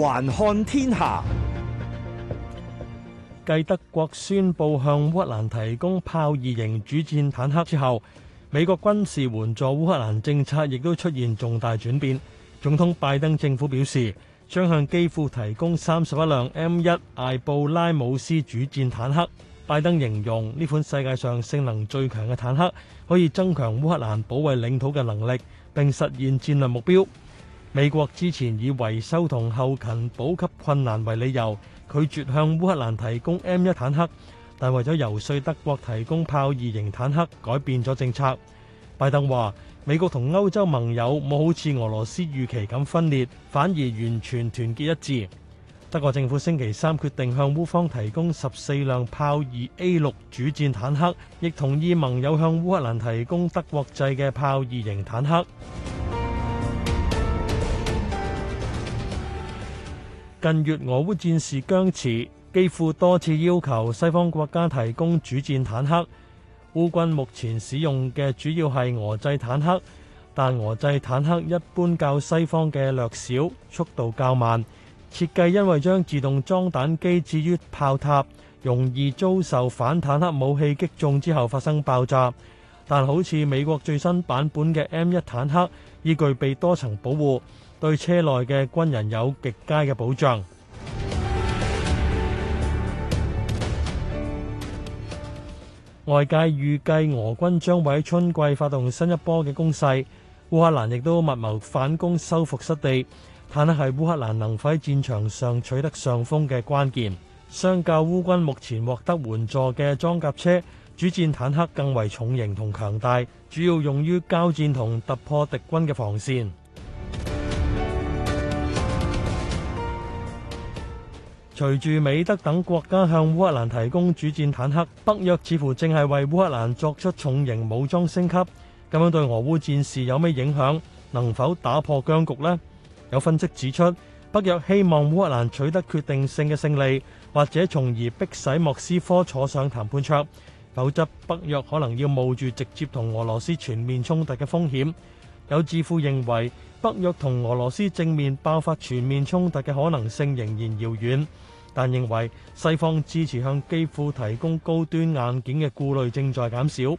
環看天下，繼德國宣布向烏克蘭提供豹二型主戰坦克之後，美國軍事援助烏克蘭政策亦都出現重大轉變。總統拜登政府表示，將向基輔提供三十一輛 M 一艾布拉姆斯主戰坦克。拜登形容呢款世界上性能最強嘅坦克，可以增強烏克蘭保衛領土嘅能力，並實現戰略目標。美國之前以維修同後勤補給困難為理由，拒絕向烏克蘭提供 M1 坦克，但為咗遊說德國提供豹二型坦克，改變咗政策。拜登話：美國同歐洲盟友冇好似俄羅斯預期咁分裂，反而完全團結一致。德國政府星期三決定向烏方提供十四輛豹二 A 六主戰坦克，亦同意盟友向烏克蘭提供德國製嘅豹二型坦克。近月俄烏戰事僵持，基輔多次要求西方國家提供主戰坦克。烏軍目前使用嘅主要係俄製坦克，但俄製坦克一般較西方嘅略小，速度較慢。設計因為將自動裝彈機置於炮塔，容易遭受反坦克武器擊中之後發生爆炸。但好似美國最新版本嘅 M1 坦克，已具備多層保護。對車內嘅軍人有極佳嘅保障。外界預計俄軍將會喺春季發動新一波嘅攻勢，烏克蘭亦都密謀反攻收復失地。坦克係烏克蘭能否喺戰場上取得上風嘅關鍵。相較烏軍目前獲得援助嘅裝甲車、主戰坦克更為重型同強大，主要用於交戰同突破敵軍嘅防線。隨住美德等國家向烏克蘭提供主戰坦克，北約似乎正係為烏克蘭作出重型武裝升級。咁樣對俄烏戰事有咩影響？能否打破僵局呢？有分析指出，北約希望烏克蘭取得決定性嘅勝利，或者從而迫使莫斯科坐上談判桌，否則北約可能要冒住直接同俄羅斯全面衝突嘅風險。有智庫認為。北約同俄羅斯正面爆發全面衝突嘅可能性仍然遙遠，但認為西方支持向基輔提供高端硬件嘅顧慮正在減少。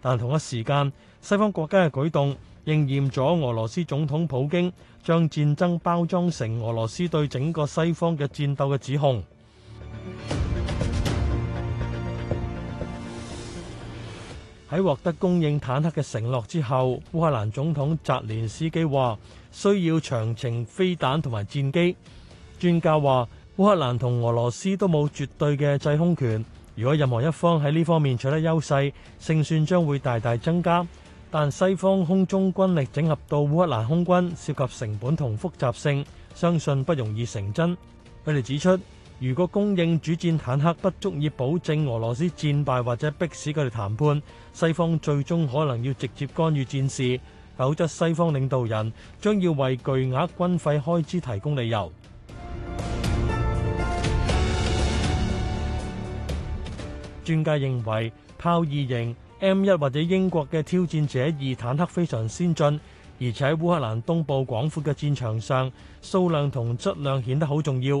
但同一時間，西方國家嘅舉動，應驗咗俄羅斯總統普京將戰爭包裝成俄羅斯對整個西方嘅戰鬥嘅指控。喺獲得供應坦克嘅承諾之後，烏克蘭總統澤連斯基話需要長程飛彈同埋戰機。專家話烏克蘭同俄羅斯都冇絕對嘅制空權，如果任何一方喺呢方面取得優勢，勝算將會大大增加。但西方空中軍力整合到烏克蘭空軍涉及成本同複雜性，相信不容易成真。佢哋指出：如果供應主戰坦克不足以保證俄羅斯戰敗或者迫使佢哋談判，西方最終可能要直接干預戰事，否則西方領導人將要為巨額軍費開支提供理由。專家認為，豹二型、M1 或者英國嘅挑戰者二坦克非常先進，而且喺烏克蘭東部廣闊嘅戰場上，數量同質量顯得好重要。